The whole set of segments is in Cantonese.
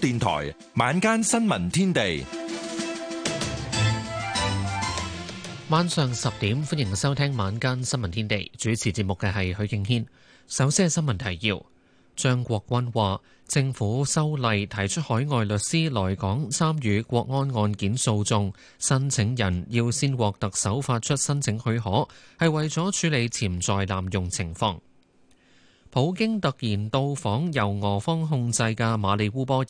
電台晚間新聞天地，晚上十點歡迎收聽晚間新聞天地。主持節目嘅係許敬軒。首先係新聞提要：張國鈞話，政府修例提出海外律師來港參與國安案件訴訟，申請人要先獲特首發出申請許可，係為咗處理潛在濫用情況。普京突然到訪由俄方控制嘅馬里烏波爾，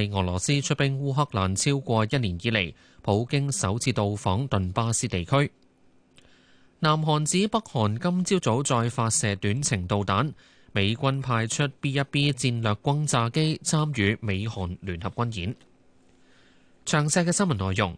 係俄羅斯出兵烏克蘭超過一年以嚟，普京首次到訪頓巴斯地區。南韓指北韓今朝早，早再發射短程導彈，美軍派出 B 一 B 戰略轟炸機參與美韓聯合軍演。詳細嘅新聞內容。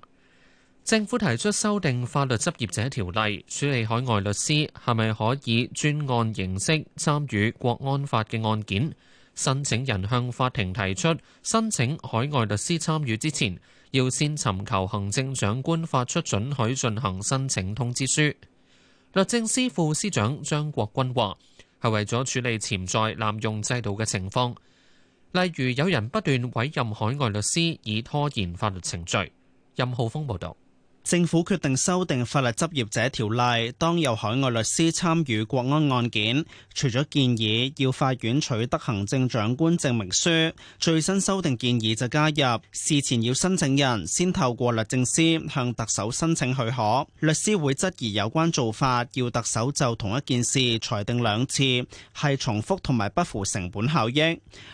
政府提出修訂法律執業者條例，處理海外律師係咪可以專案形式參與國安法嘅案件，申請人向法庭提出申請海外律師參與之前，要先尋求行政長官發出准許進行申請通知書。律政司副司長張國鈞話，係為咗處理潛在濫用制度嘅情況，例如有人不斷委任海外律師以拖延法律程序。任浩峰報道。政府決定修訂法律執業者條例，當有海外律師參與國安案件，除咗建議要法院取得行政長官證明書，最新修訂建議就加入事前要申請人先透過律政司向特首申請許可。律師會質疑有關做法要特首就同一件事裁定兩次係重複，同埋不符成本效益。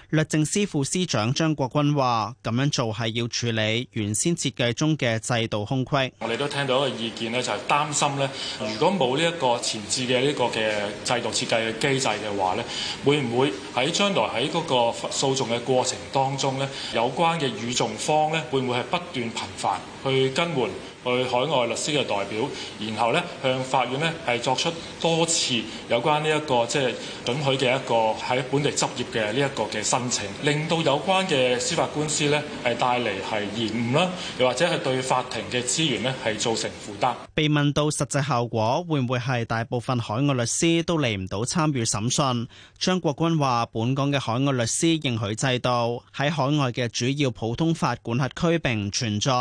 律政司副司長張國軍話：咁樣做係要處理原先設計中嘅制度空隙。我哋都聽到一個意見咧，就係擔心咧，如果冇呢一個前置嘅呢個嘅制度設計嘅機制嘅話咧，會唔會喺將來喺嗰個訴訟嘅過程當中咧，有關嘅與訟方咧，會唔會係不斷頻繁去更換去海外律師嘅代表，然後呢向法院呢係作出多次有關呢、這個、一個即係准許嘅一個喺本地執業嘅呢一個嘅申請，令到有關嘅司法官司呢係帶嚟係延誤啦，又或者係對法庭嘅資源呢係造成負擔。被問到實際效果會唔會係大部分海外律師都嚟唔到參與審訊，張國軍話，本港嘅海外律師認許制度喺海外嘅主要普通法管轄區並唔存在。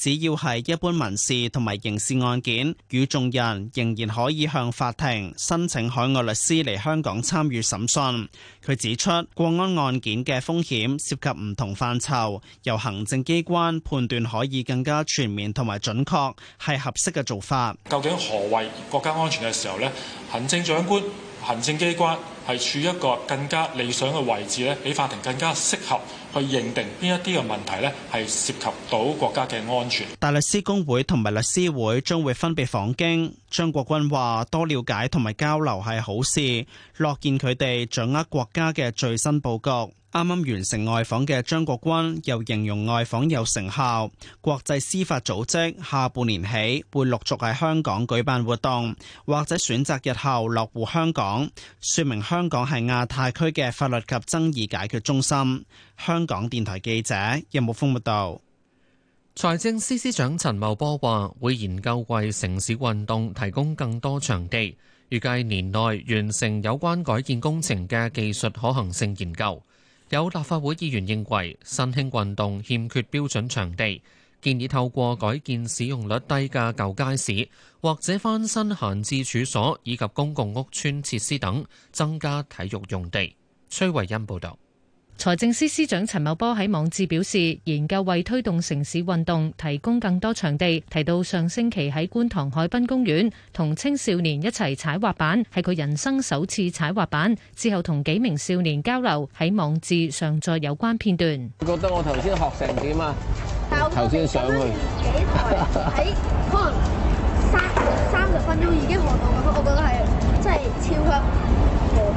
只要係一般民事同埋刑事案件，與眾人仍然可以向法庭申請海外律師嚟香港參與審訊。佢指出，國安案件嘅風險涉及唔同範疇，由行政機關判斷可以更加全面同埋準確，係合適嘅做法。究竟何謂國家安全嘅時候呢？行政長官、行政機關係處於一個更加理想嘅位置咧，比法庭更加適合去認定邊一啲嘅問題呢，係涉及到國家嘅安全。大律師公會同埋律師會將會分別訪京。張國軍話：多了解同埋交流係好事，樂見佢哋掌握國家嘅最新佈局。啱啱完成外訪嘅張國軍又形容外訪有成效。國際司法組織下半年起會陸續喺香港舉辦活動，或者選擇日後落戶香港，說明香港係亞太區嘅法律及爭議解決中心。香港電台記者葉木峰報道。財政司司長陳茂波話會研究為城市運動提供更多場地，預計年內完成有關改建工程嘅技術可行性研究。有立法會議員認為，新興運動欠缺標準場地，建議透過改建使用率低嘅舊街市，或者翻新閒置處所以及公共屋邨設施等，增加體育用地。崔慧恩報導。財政司司長陳茂波喺網誌表示，研究為推動城市運動提供更多場地。提到上星期喺觀塘海濱公園同青少年一齊踩滑板，係佢人生首次踩滑板。之後同幾名少年交流，喺網誌上載有關片段。你覺得我頭先學成點啊？頭先上去，可能三三十分鐘已經學到，我我覺得係真係超級。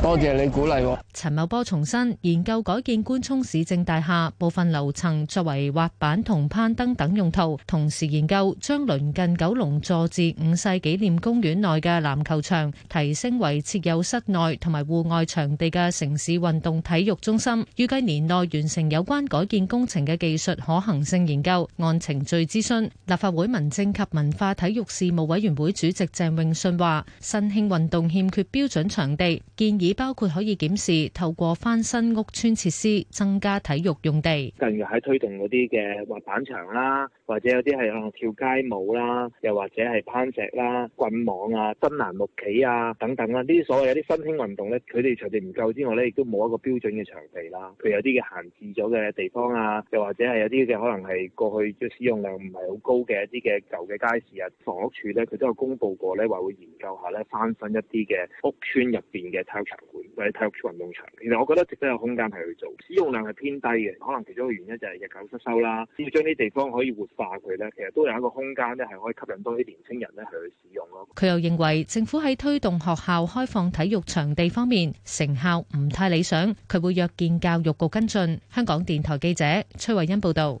多謝你鼓勵。陳茂波重申，研究改建官涌市政大廈部分樓層作為滑板同攀登等用途，同時研究將鄰近九龍佐治五世紀念公園內嘅籃球場提升為設有室內同埋戶外場地嘅城市運動體育中心。預計年內完成有關改建工程嘅技術可行性研究，按程序諮詢。立法會民政及文化體育事務委員會主席鄭泳舜話，新興運動欠缺標準場地建議包括可以檢視透過翻新屋邨設施，增加體育用地。近日喺推動嗰啲嘅滑板場啦，或者有啲係啊跳街舞啦，又或者係攀石啦、棍網啊、真難木棋啊等等啦，呢啲所謂有啲新興運動咧，佢哋場地唔夠之外咧，亦都冇一個標準嘅場地啦。佢有啲嘅閒置咗嘅地方啊，又或者係有啲嘅可能係過去嘅使用量唔係好高嘅一啲嘅舊嘅街市啊、房屋處咧，佢都有公布過咧話會研究下咧翻新一啲嘅屋邨入邊嘅體育場館或者體育運動場，其實我覺得值得有空間係去做，使用量係偏低嘅，可能其中一個原因就係日久失修啦。要將啲地方可以活化佢咧，其實都有一個空間咧，係可以吸引多啲年輕人咧係去使用咯。佢又認為政府喺推動學校開放體育場地方面成效唔太理想，佢會約見教育局跟進。香港電台記者崔慧欣報導。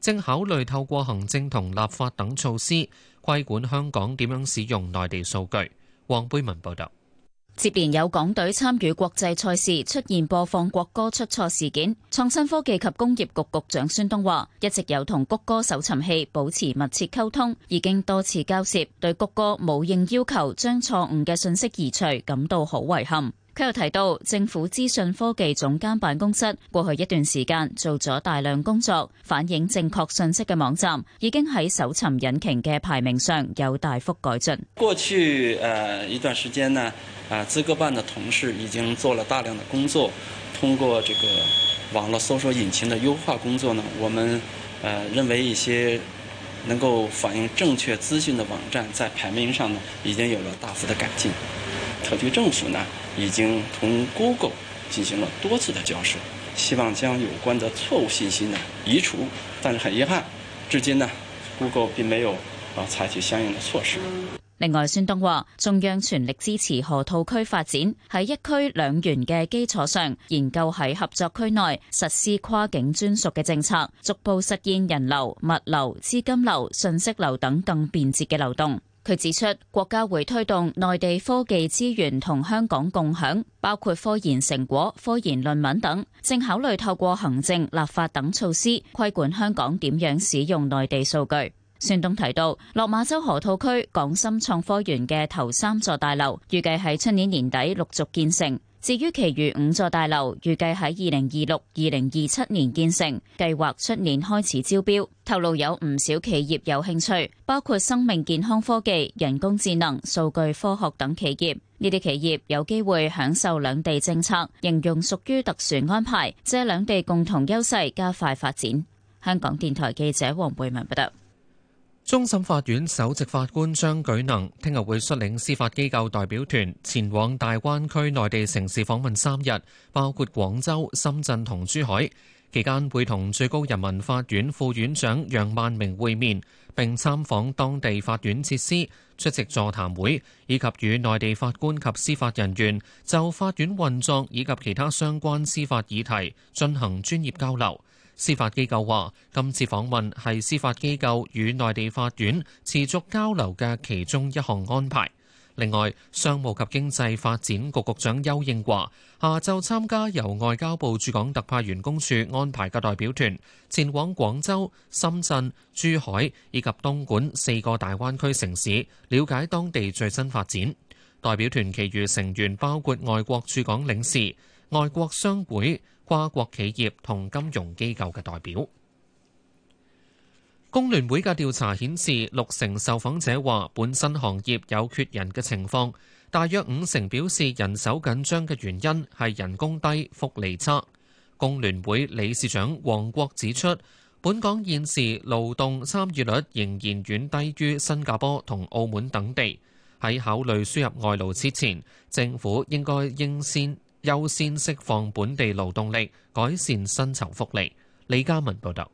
正考慮透過行政同立法等措施規管香港點樣使用內地數據。黃貝文報道，接連有港隊參與國際賽事出現播放國歌出錯事件，創新科技及工業局局長孫東話：一直有同谷歌搜尋器保持密切溝通，已經多次交涉，對谷歌冇應要求將錯誤嘅訊息移除，感到好遺憾。佢又提到，政府資訊科技總監辦公室過去一段時間做咗大量工作，反映正確信息嘅網站已經喺搜尋引擎嘅排名上有大幅改進。過去一段時間呢，啊資科辦的同事已經做了大量的工作，通過這個網絡搜索引擎的優化工作呢，我們誒認為一些能夠反映正確資訊的網站在排名上呢已經有了大幅的改進。特區政府呢，已經同 Google 進行了多次的交涉，希望將有關的錯誤信息呢移除，但是很遺憾，至今呢 Google 並沒有啊採取相應的措施。另外，孫東話中央全力支持河套區發展，喺一區兩園嘅基礎上，研究喺合作區內實施跨境專屬嘅政策，逐步實現人流、物流、資金流、信息流等更便捷嘅流動。佢指出，國家會推動內地科技資源同香港共享，包括科研成果、科研論文等。正考慮透過行政、立法等措施規管香港點樣使用內地數據。孫東提到，落馬洲河套區港深創科園嘅頭三座大樓，預計喺出年年底陸續建成。至於其餘五座大樓，預計喺二零二六、二零二七年建成，計劃出年開始招標。透露有唔少企業有興趣，包括生命健康科技、人工智能、數據科學等企業。呢啲企業有機會享受兩地政策，形容屬於特殊安排，借兩地共同優勢加快發展。香港電台記者黃貝文報道。終審法院首席法官張舉能聽日會率領司法機構代表團前往大灣區內地城市訪問三日，包括廣州、深圳同珠海。期間會同最高人民法院副院長楊萬明會面，並參訪當地法院設施，出席座談會，以及與內地法官及司法人員就法院運作以及其他相關司法議題進行專業交流。司法機構話：今次訪問係司法機構與內地法院持續交流嘅其中一項安排。另外，商務及經濟發展局局長邱應華下晝參加由外交部駐港特派員公署安排嘅代表團，前往廣州、深圳、珠海以及東莞四個大灣區城市，了解當地最新發展。代表團其餘成員包括外國駐港領事、外國商會。跨國企業同金融機構嘅代表。工聯會嘅調查顯示，六成受訪者話本身行業有缺人嘅情況，大約五成表示人手緊張嘅原因係人工低、福利差。工聯會理事長黃國指出，本港現時勞動參與率仍然遠低於新加坡同澳門等地，喺考慮輸入外勞之前，政府應該應先。優先釋放本地勞動力，改善薪酬福利。李嘉文報道，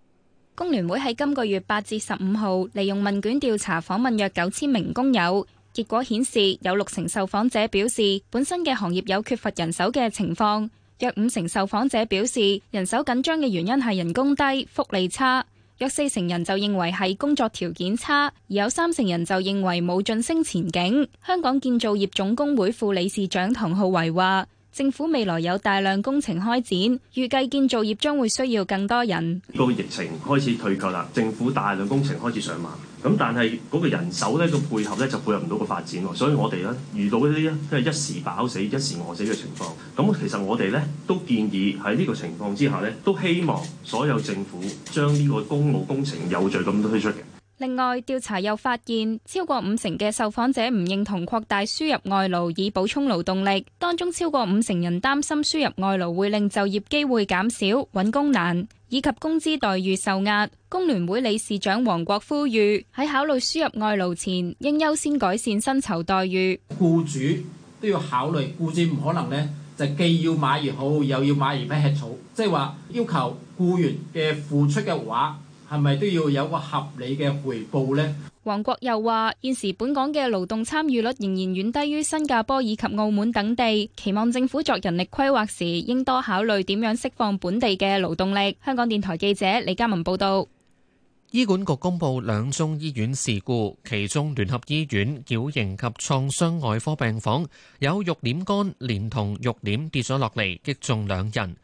工聯會喺今個月八至十五號利用問卷調查訪問約九千名工友，結果顯示有六成受訪者表示本身嘅行業有缺乏人手嘅情況，約五成受訪者表示人手緊張嘅原因係人工低、福利差，約四成人就認為係工作條件差，而有三成人就認為冇晉升前景。香港建造業總工會副理事長唐浩維話。政府未來有大量工程開展，預計建造業將會需要更多人。個疫情開始退卻啦，政府大量工程開始上馬咁，但係嗰個人手咧個配合咧就配合唔到個發展喎，所以我哋咧遇到嗰啲都係一時飽死、一時餓死嘅情況。咁其實我哋咧都建議喺呢個情況之下咧，都希望所有政府將呢個公務工程有序咁推出嘅。另外，調查又發現，超過五成嘅受訪者唔認同擴大輸入外勞以補充勞動力，當中超過五成人擔心輸入外勞會令就業機會減少、揾工難以及工資待遇受壓。工聯會理事長黃國呼籲喺考慮輸入外勞前，應優先改善薪酬待遇。雇主都要考慮，雇主唔可能呢，就既要馬兒好，又要馬兒唔吃草，即係話要求雇員嘅付出嘅話。係咪都要有個合理嘅回報呢？黃國又話：現時本港嘅勞動參與率仍然遠低於新加坡以及澳門等地，期望政府作人力規劃時，應多考慮點樣釋放本地嘅勞動力。香港電台記者李嘉文報道。醫管局公布兩宗醫院事故，其中聯合醫院矯形及創傷外科病房有浴簾杆連同浴簾跌咗落嚟，擊中兩人。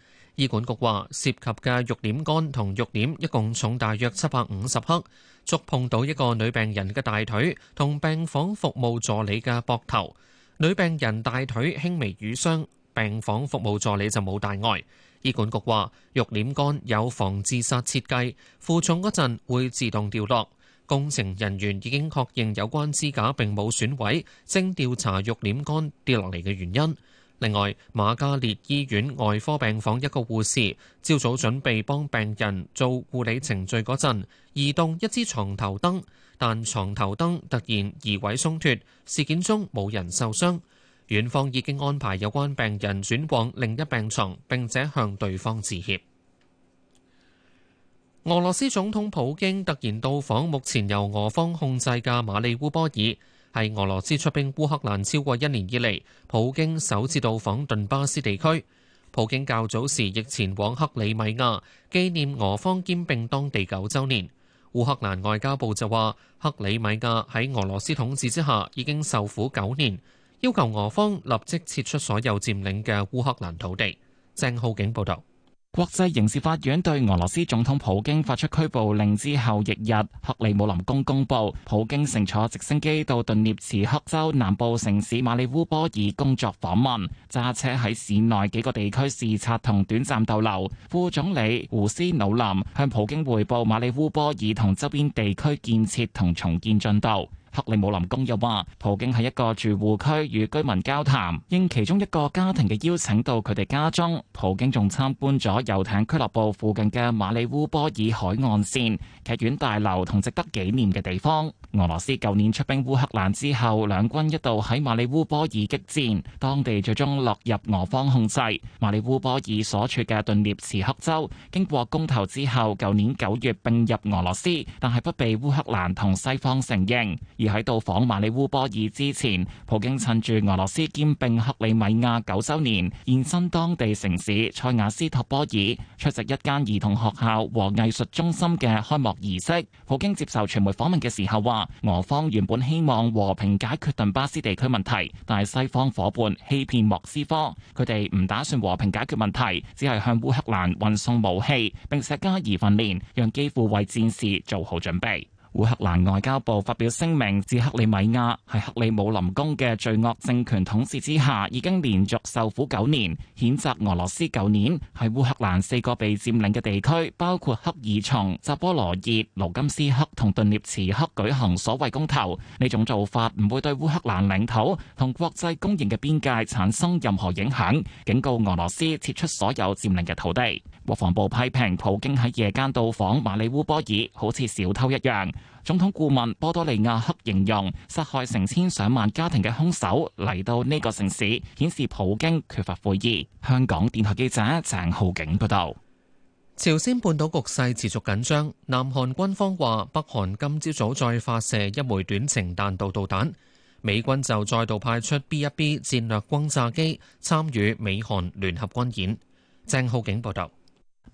醫管局話，涉及嘅浴簾桿同浴簾一共重大約七百五十克，觸碰到一個女病人嘅大腿同病房服務助理嘅膊頭。女病人大腿輕微瘀傷，病房服務助理就冇大礙。醫管局話，浴簾桿有防自殺設計，負重嗰陣會自動掉落。工程人員已經確認有關支架並冇損毀，正調查浴簾桿跌落嚟嘅原因。另外，瑪嘉烈醫院外科病房一個護士，朝早準備幫病人做護理程序嗰陣，移動一支床頭燈，但床頭燈突然移位鬆脱。事件中冇人受傷，院方已經安排有關病人轉往另一病床，並且向對方致歉。俄羅斯總統普京突然到訪，目前由俄方控制嘅馬利烏波爾。係俄羅斯出兵烏克蘭超過一年以嚟，普京首次到訪頓巴斯地區。普京較早時亦前往克里米亞，紀念俄方兼併當地九週年。烏克蘭外交部就話，克里米亞喺俄羅斯統治之下已經受苦九年，要求俄方立即撤出所有佔領嘅烏克蘭土地。鄭浩景報道。國際刑事法院對俄羅斯總統普京發出拘捕令之後翌日，日，克里姆林宮公佈，普京乘坐直升機到頓涅茨克州南部城市馬里烏波爾工作訪問，揸車喺市內幾個地區視察同短暫逗留。副總理胡斯努林向普京匯報馬里烏波爾同周邊地區建設同重建進度。克里姆林宮又話，普京喺一個住戶區與居民交談，應其中一個家庭嘅邀請到佢哋家中。普京仲參觀咗遊艇俱樂部附近嘅馬里烏波爾海岸線、劇院大樓同值得紀念嘅地方。俄羅斯舊年出兵烏克蘭之後，兩軍一度喺馬里烏波爾激戰，當地最終落入俄方控制。馬里烏波爾所處嘅頓涅茨克州經過公投之後，舊年九月併入俄羅斯，但係不被烏克蘭同西方承認。而喺到訪馬里烏波爾之前，普京趁住俄羅斯兼併克里米亞九周年，現身當地城市塞瓦斯托波爾，出席一間兒童學校和藝術中心嘅開幕儀式。普京接受傳媒訪問嘅時候話。俄方原本希望和平解決頓巴斯地區問題，但係西方夥伴欺騙莫斯科，佢哋唔打算和平解決問題，只係向烏克蘭運送武器，並且加以訓練，讓基輔為戰士做好準備。烏克蘭外交部發表聲明，指克里米亞喺克里姆林宮嘅罪惡政權統治之下，已經連續受苦九年，譴責俄羅斯九年。舊年喺烏克蘭四個被佔領嘅地區，包括克爾松、扎波羅熱、盧甘斯克同頓涅茨克舉行所謂公投，呢種做法唔會對烏克蘭領土同國際公認嘅邊界產生任何影響，警告俄羅斯撤出所有佔領嘅土地。國防部批評普京喺夜間到訪馬里烏波爾，好似小偷一樣。總統顧問波多利亞克形容，殺害成千上萬家庭嘅兇手嚟到呢個城市，顯示普京缺乏悔意。香港電台記者鄭浩景報道：「朝鮮半島局勢持續緊張，南韓軍方話北韓今朝早再發射一枚短程彈道導彈，美軍就再度派出 B-1B 戰略轟炸機參與美韓聯合軍演。」鄭浩景報道：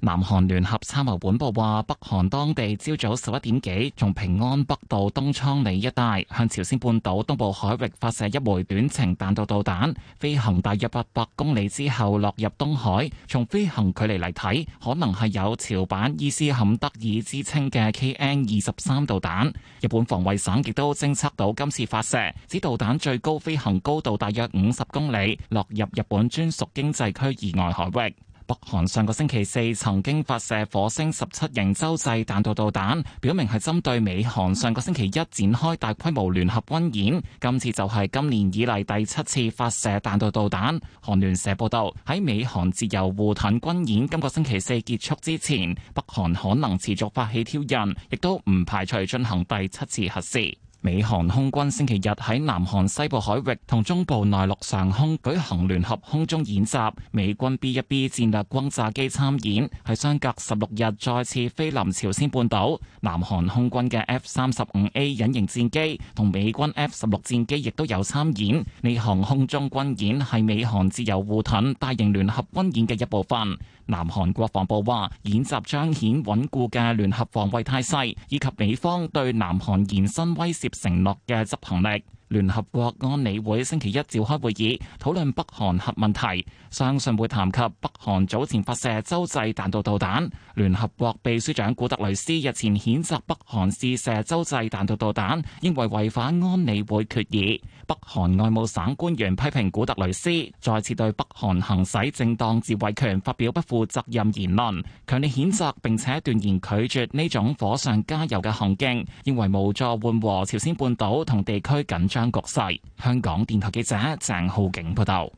南韓聯合參謀本部話，北韓當地朝早十一點幾，從平安北道東倉里一帶向朝鮮半島東部海域發射一枚短程彈道導彈，飛行大約八百公里之後落入東海。從飛行距離嚟睇，可能係有朝版伊斯坎德爾之稱嘅 KN 二十三導彈。日本防衛省亦都偵測到今次發射，指導彈最高飛行高度大約五十公里，落入日本專屬經濟區以外海域。北韓上個星期四曾經發射火星十七型洲際彈道導彈，表明係針對美韓上個星期一展開大規模聯合軍演。今次就係今年以嚟第七次發射彈道導彈。韓聯社報道，喺美韓自由護盾軍演今個星期四結束之前，北韓可能持續發起挑釁，亦都唔排除進行第七次核試。美韓空軍星期日喺南韓西部海域同中部內陸上空舉行聯合空中演習，美軍 B 一 B 戰略轟炸機參演，係相隔十六日再次飛臨朝鮮半島。南韓空軍嘅 F 三十五 A 隱形戰機同美軍 F 十六戰機亦都有參演。美韓空中軍演係美韓自由護盾大型聯合軍演嘅一部分。南韓國防部話演習彰顯穩固嘅聯合防衛態勢，以及美方對南韓延伸威懾承諾嘅執行力。聯合國安理會星期一召開會議，討論北韓核問題，相信會談及北韓早前發射洲際彈道導彈。聯合國秘書長古特雷斯日前譴責北韓試射洲際彈道導彈，因為違反安理會決議。北韓外務省官員批評古特雷斯再次對北韓行使正當自衛權發表不負責任言論，強烈譴責並且斷言拒絕呢種火上加油嘅行徑，認為無助緩和朝鮮半島同地區緊張局勢。香港電台記者鄭浩景報道。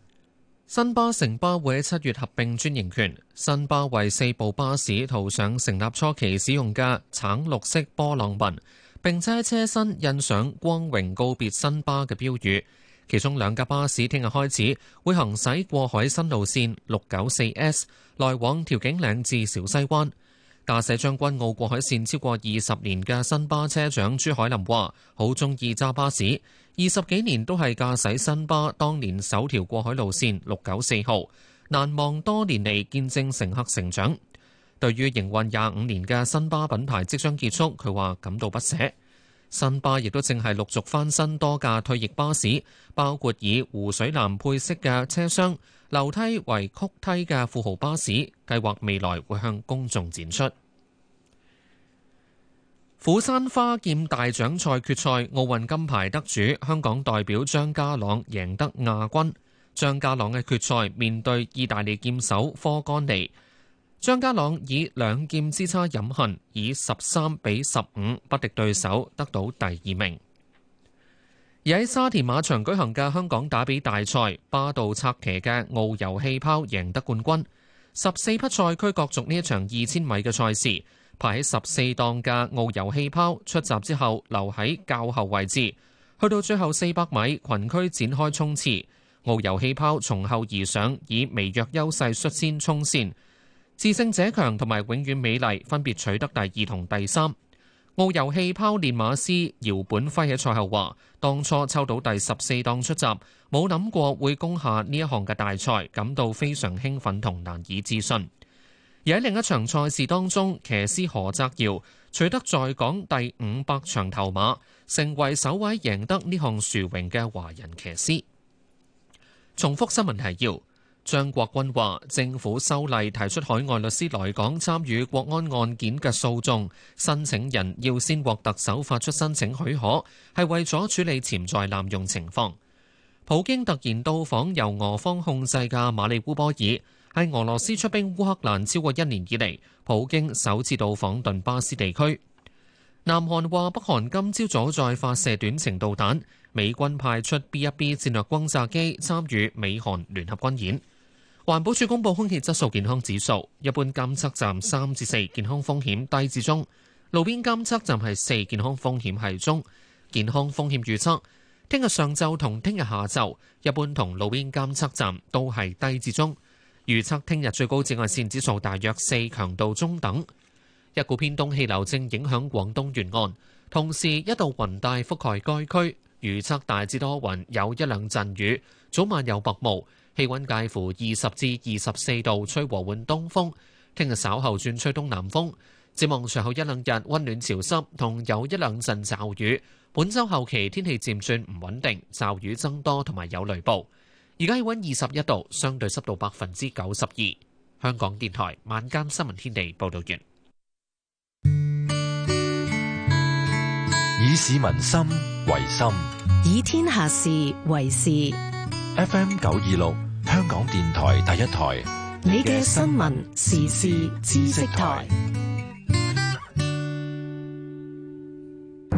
新巴城巴會喺七月合併專營權，新巴為四部巴士塗上成立初期使用嘅橙綠色波浪紋。並且車身印上「光榮告別新巴」嘅標語。其中兩架巴士聽日開始會行駛過海新路線 694S，來往調景嶺至小西灣。駕駛將軍澳過海線超過二十年嘅新巴車長朱海林話：好中意揸巴士，二十幾年都係駕駛新巴，當年首條過海路線694號，難忘多年嚟見證乘客成長。對於營運廿五年嘅新巴品牌即將結束，佢話感到不捨。新巴亦都正係陸續翻新多架退役巴士，包括以湖水藍配色嘅車廂、樓梯為曲梯嘅富豪巴士，計劃未來會向公眾展出。 釜山花劍大獎賽決賽，奧運金牌得主香港代表張家朗贏得亞軍。張家朗嘅決賽面對意大利劍手科干尼。張家朗以兩劍之差飲恨，以十三比十五不敵對手，得到第二名。而喺沙田馬場舉行嘅香港打比大賽，巴度策騎嘅澳遊氣泡贏得冠軍。十四匹賽駒角逐呢一場二千米嘅賽事，排喺十四檔嘅澳遊氣泡出閘之後，留喺較後位置，去到最後四百米，群駒展開衝刺，澳遊氣泡從後而上，以微弱優勢率，率先衝線。自勝者強同埋永遠美麗分別取得第二同第三。澳游氣泡練馬師姚本輝喺賽後話：當初抽到第十四檔出閘，冇諗過會攻下呢一項嘅大賽，感到非常興奮同難以置信。而喺另一場賽事當中，騎師何澤堯取得在港第五百場頭馬，成為首位贏得呢項殊榮嘅華人騎師。重複新聞提要。張國軍話：政府修例提出海外律師來港參與國安案件嘅訴訟，申請人要先獲特首發出申請許可，係為咗處理潛在濫用情況。普京突然到訪由俄方控制嘅馬里烏波爾，喺俄羅斯出兵烏克蘭超過一年以嚟，普京首次到訪頓巴斯地區。南韓話北韓今朝早再發射短程導彈，美軍派出 B 一 B 戰略轟炸機參與美韓聯合軍演。環保署公布空氣質素健康指數，一般監測站三至四，健康風險低至中；路邊監測站係四，健康風險係中。健康風險預測：聽日上晝同聽日下晝，一般同路邊監測站都係低至中。預測聽日最高紫外線指數大約四，強度中等。一股偏東氣流正影響廣東沿岸，同時一道雲帶覆蓋該區，預測大致多雲，有一兩陣雨，早晚有白霧。氣温介乎二十至二十四度，吹和緩東風。聽日稍後轉吹東南風。展望隨後一兩日温暖潮濕，同有一兩陣驟雨。本周後期天氣漸轉唔穩定，驟雨增多同埋有雷暴。而家氣温二十一度，相對濕度百分之九十二。香港電台晚間新聞天地報道完。以市民心為心，以天下事為事。F.M. 九二六。香港電台第一台，你嘅新聞時事知識台。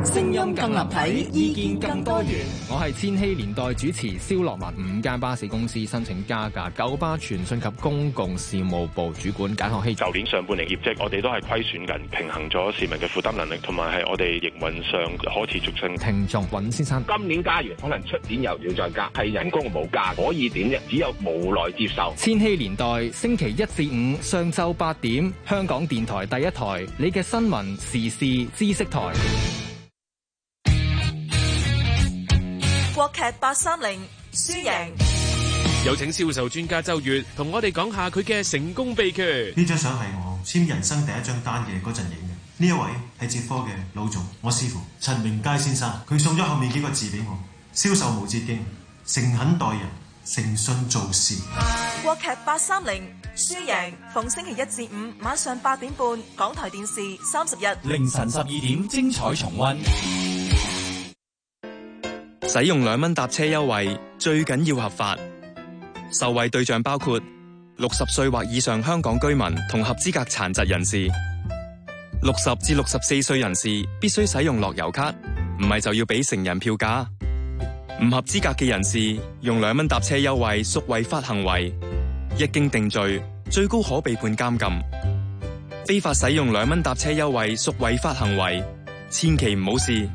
聲音更立體，意見更多元。我係千禧年代主持蕭洛文。五間巴士公司申請加價，九巴、傳訊及公共事務部主管簡學希。舊年上半年業績，我哋都係虧損緊，平衡咗市民嘅負擔能力，同埋係我哋營運上可持續性。聽眾尹先生，今年加完，可能出年又要再加，係人工冇加，可以點啫？只有無奈接受。千禧年代星期一至五上晝八點，香港電台第一台，你嘅新聞時事知識台。國劇八三零輸贏，有請銷售專家周月同我哋講下佢嘅成功秘訣。呢張相係我簽人生第一張單嘅嗰陣影嘅，呢一位係捷科嘅老總，我師傅陳明佳先生，佢送咗後面幾個字俾我：銷售無捷徑，誠懇待人，誠信做事。國劇八三零輸贏，逢星期一至五晚上八點半，港台電視三十日凌晨十二點，精彩重溫。使用兩蚊搭車優惠最緊要合法，受惠對象包括六十歲或以上香港居民同合資格殘疾人士。六十至六十四歲人士必須使用樂悠卡，唔係就要俾成人票價。唔合資格嘅人士用兩蚊搭車優惠屬違法行為，一經定罪，最高可被判監禁。非法使用兩蚊搭車優惠屬違法行為，千祈唔好試。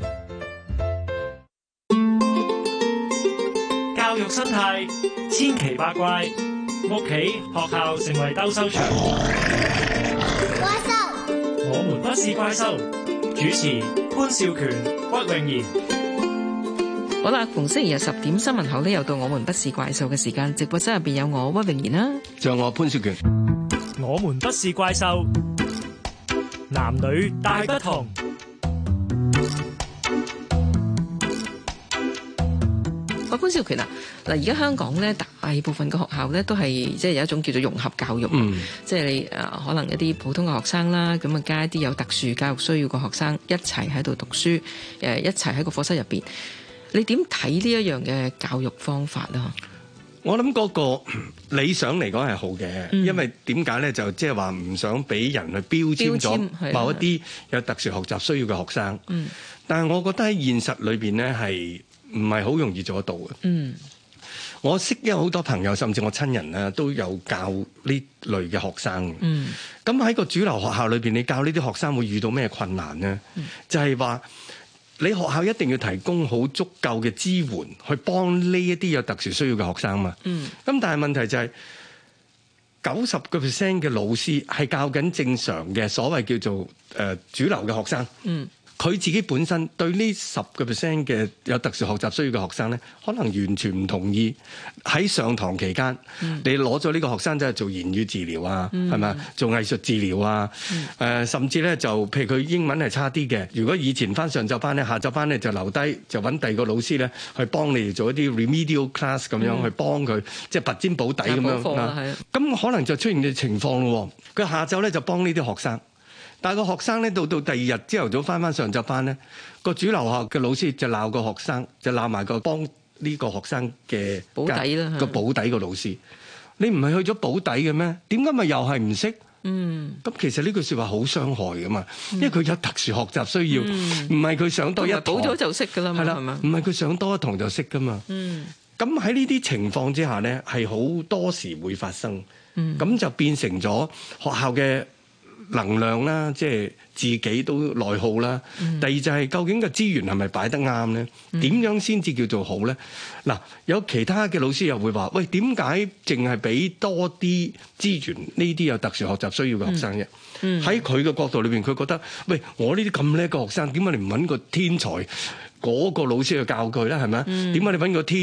生態千奇百怪，屋企學校成為鬥獸場。怪獸，我們不是怪獸。主持潘少權，屈穎妍。好啦，逢星期日十點新聞後呢，又到我們不是怪獸嘅時間。直播室入邊有我屈穎妍啦，就我潘少權。我們不是怪獸，男女大不同。阿潘少權啊，嗱而家香港咧，大部分嘅學校咧都係即係有一種叫做融合教育，嗯、即係你誒可能一啲普通嘅學生啦，咁啊加一啲有特殊教育需要嘅學生一齊喺度讀書，誒一齊喺個課室入邊，你點睇呢一樣嘅教育方法咧？我諗嗰個理想嚟講係好嘅，嗯、因為點解咧？就即係話唔想俾人去標籤咗某一啲有特殊學習需要嘅學生。嗯、但係我覺得喺現實裏邊咧係。唔係好容易做得到嘅。嗯，我識有好多朋友，甚至我親人咧，都有教呢類嘅學生。嗯，咁喺個主流學校裏邊，你教呢啲學生會遇到咩困難呢？嗯、就係話，你學校一定要提供好足夠嘅支援去幫呢一啲有特殊需要嘅學生嘛。嗯，咁但係問題就係、是，九十個 percent 嘅老師係教緊正常嘅所謂叫做誒、呃、主流嘅學生。嗯。佢自己本身對呢十個 percent 嘅有特殊學習需要嘅學生咧，可能完全唔同意喺上堂期間，嗯、你攞咗呢個學生就係做言語治療啊，係咪啊？做藝術治療啊？誒、嗯呃，甚至咧就譬如佢英文係差啲嘅，如果以前返上晝班咧，下晝班咧就留低就揾第二個老師咧去幫你做一啲 remedial class 咁樣、嗯、去幫佢，即係拔尖保底咁樣啦。咁可能就出現嘅情況咯。佢下晝咧就幫呢啲學生。但係個學生咧，到到第二日朝頭早翻翻上晝班咧，個主流下嘅老師就鬧個學生，就鬧埋個幫呢個學生嘅保底啦，個保底個老師，你唔係去咗保底嘅咩？點解咪又係唔識？嗯，咁其實呢句說話好傷害噶嘛，因為佢有特殊學習需要，唔係佢上多一補咗就識噶啦，係啦，係嘛？唔係佢上多一堂就識噶嘛？嗯，咁喺呢啲情況之下咧，係好多時會發生，咁就變成咗學校嘅。能量啦，即係自己都內耗啦。嗯、第二就係、是、究竟個資源係咪擺得啱咧？點、嗯、樣先至叫做好咧？嗱，有其他嘅老師又會話喂，點解淨係俾多啲資源呢啲有特殊學習需要嘅學生啫？喺佢嘅角度裏邊，佢覺得：喂，我呢啲咁叻嘅學生，點解你唔揾個天才個老師去教佢咧？係咪啊？點解、嗯、你揾個天？